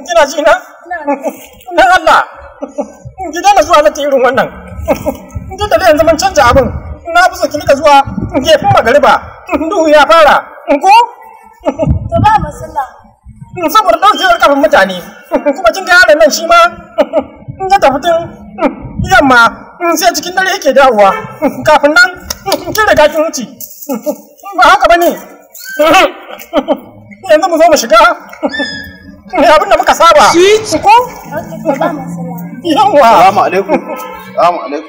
kina ji na na Allah ji dana zuwa mata irin wannan in ki dalilin zaman canja abin na fi so ke rika zuwa gefen magariba duhu ya fara ko to ba masalla saboda ɗaukewar kafin mutane kuma kin ga yaron nan shi ma in ji tafi tun yamma sai cikin dare yake dawowa kafin nan kin riga kin wuce ba haka ba ne? yanzu mu zo mu shiga ya da muka saba shi ko yawa salamu alaikum salamu alaikum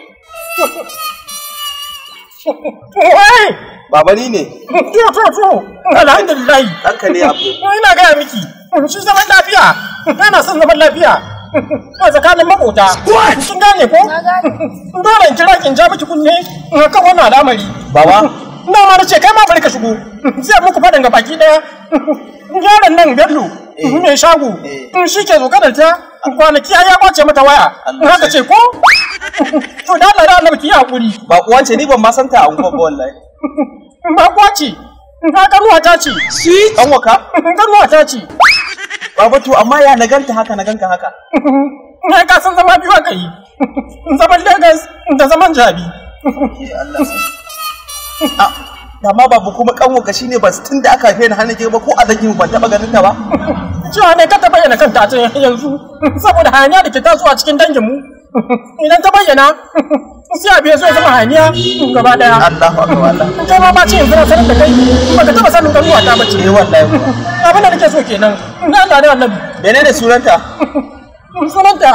wai baba ni ne to to to alhamdulillah haka ne abu ina ga miki shi zaman lafiya kana son zaman lafiya a zakalin makota sun gane ko dole in kira kin ja miki kunne Ka wannan al'amari baba na mara ce kai ma bari ka shigo zai muku faɗin ga baki ɗaya yaron nan bello Eh. mai shago in eh. shi ke zokanar ta kwanaki ya kwace mata waya in haka ce ko to da Allah da Allah ki hakuri ba kuwa ce ni ban ma santa a unguwar wallahi ba kuwa ce ka kanuwa ta ce shi kan waka kanuwa ta ce baba to amma ya na ganta haka na ganka haka na ka san zama biyu aka yi zaman Lagos da zaman Jabi Allah amma babu kuma ka shine ba tun da aka haife ni har nake ba ko a dangin ban taba ganin ta ba cewa ne ka ta bayyana kanta a yanzu saboda hayaniya da ke a cikin dangin mu idan ta bayyana sai a biya su ya zama hayaniya gaba daya Allahu akbar Allah kai ma ba ce yanzu na sanar da kai ba ka taba sanin garuwa ta bace eh wallahi abin da nake so kenan na Allah ne bene menene sunanta sunanta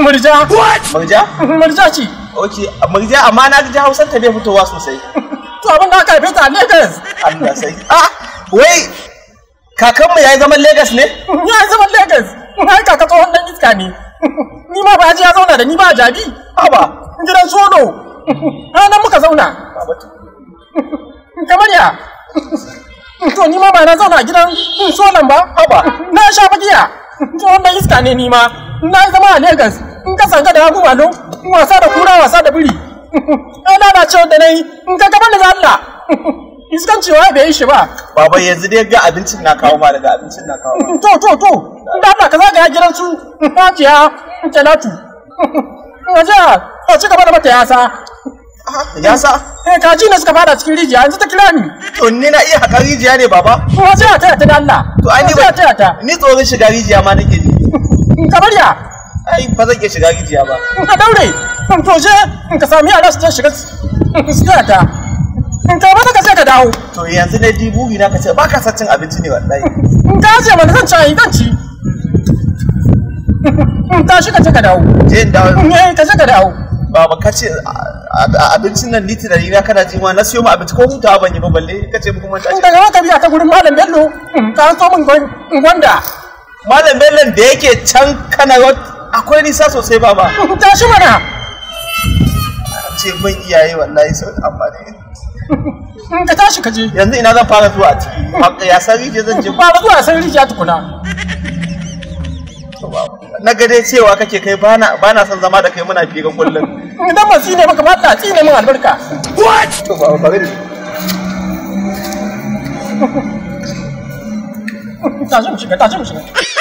murja murja murja ce okay murja amma na ji hausar ta bai fitowa sosai to abin da aka haife ta a Lagos. Allah sai. Ah, wai kakanmu ya yi zaman Lagos ne? Ya yi zaman Lagos. Na yi kaka tsohon wannan iska ne. Ni ma ba ya zauna da ni ba jabi. Aba. Gidan Sodo. nan muka zauna. Kamar ya. To ni ma ba na zauna gidan nan ba. Aba. Na sha bagiya. Tsohon wannan iska ne ni ma. Na yi zama a Lagos. In ka sanga da hagu malo. Wasa da kura wasa da biri. ai lalacewa da na yi in ka kamar da Allah iskan cewa ya yi shi ba baba yanzu dai ga abincin na kawo ma daga abincin na kawo to to to da Allah ka zaga ya gidan su hajiya talatu waja a ci gaba da mata yasa yasa eh kaji ne suka fara cikin rijiya yanzu ta kira ni to ni na iya haka rijiya ne baba a ta ta da Allah to ai ni ba ta ta ni tsoron shiga rijiya ma nake Ka bari ya ai ba zan iya shiga rijiya ba a daure to je in ka sami yara su shiga su ta in ka bata ka ce ka dawo to yanzu na di bugi na ka ce ba ka sa cin abinci ne wallahi in ka ce mana zan ci ai zan ci in ta shi ka ce ka dawo je in dawo eh ka ce ka dawo baba ka ce abincin nan litinari na kana jima na siyo ma abinci ko hutawa ban yi ba balle ka ce kuma ta ce daga wata biya ta gurin malam bello ka so min gwanda malam bello da yake can kana akwai nisa sosai baba shi mana ce bin iyaye wallahi sau da amfani in ka tashi ka je yanzu ina zan fara zuwa ciki ya san rijiya zan je ba ba zuwa san rijiya tukuna na ga dai cewa kake kai bana bana son zama da kai muna fiye ga kullum idan ba tsine maka mata ta tsine min albarka what to ba ba gani ta zo mu shiga ta zo mu shiga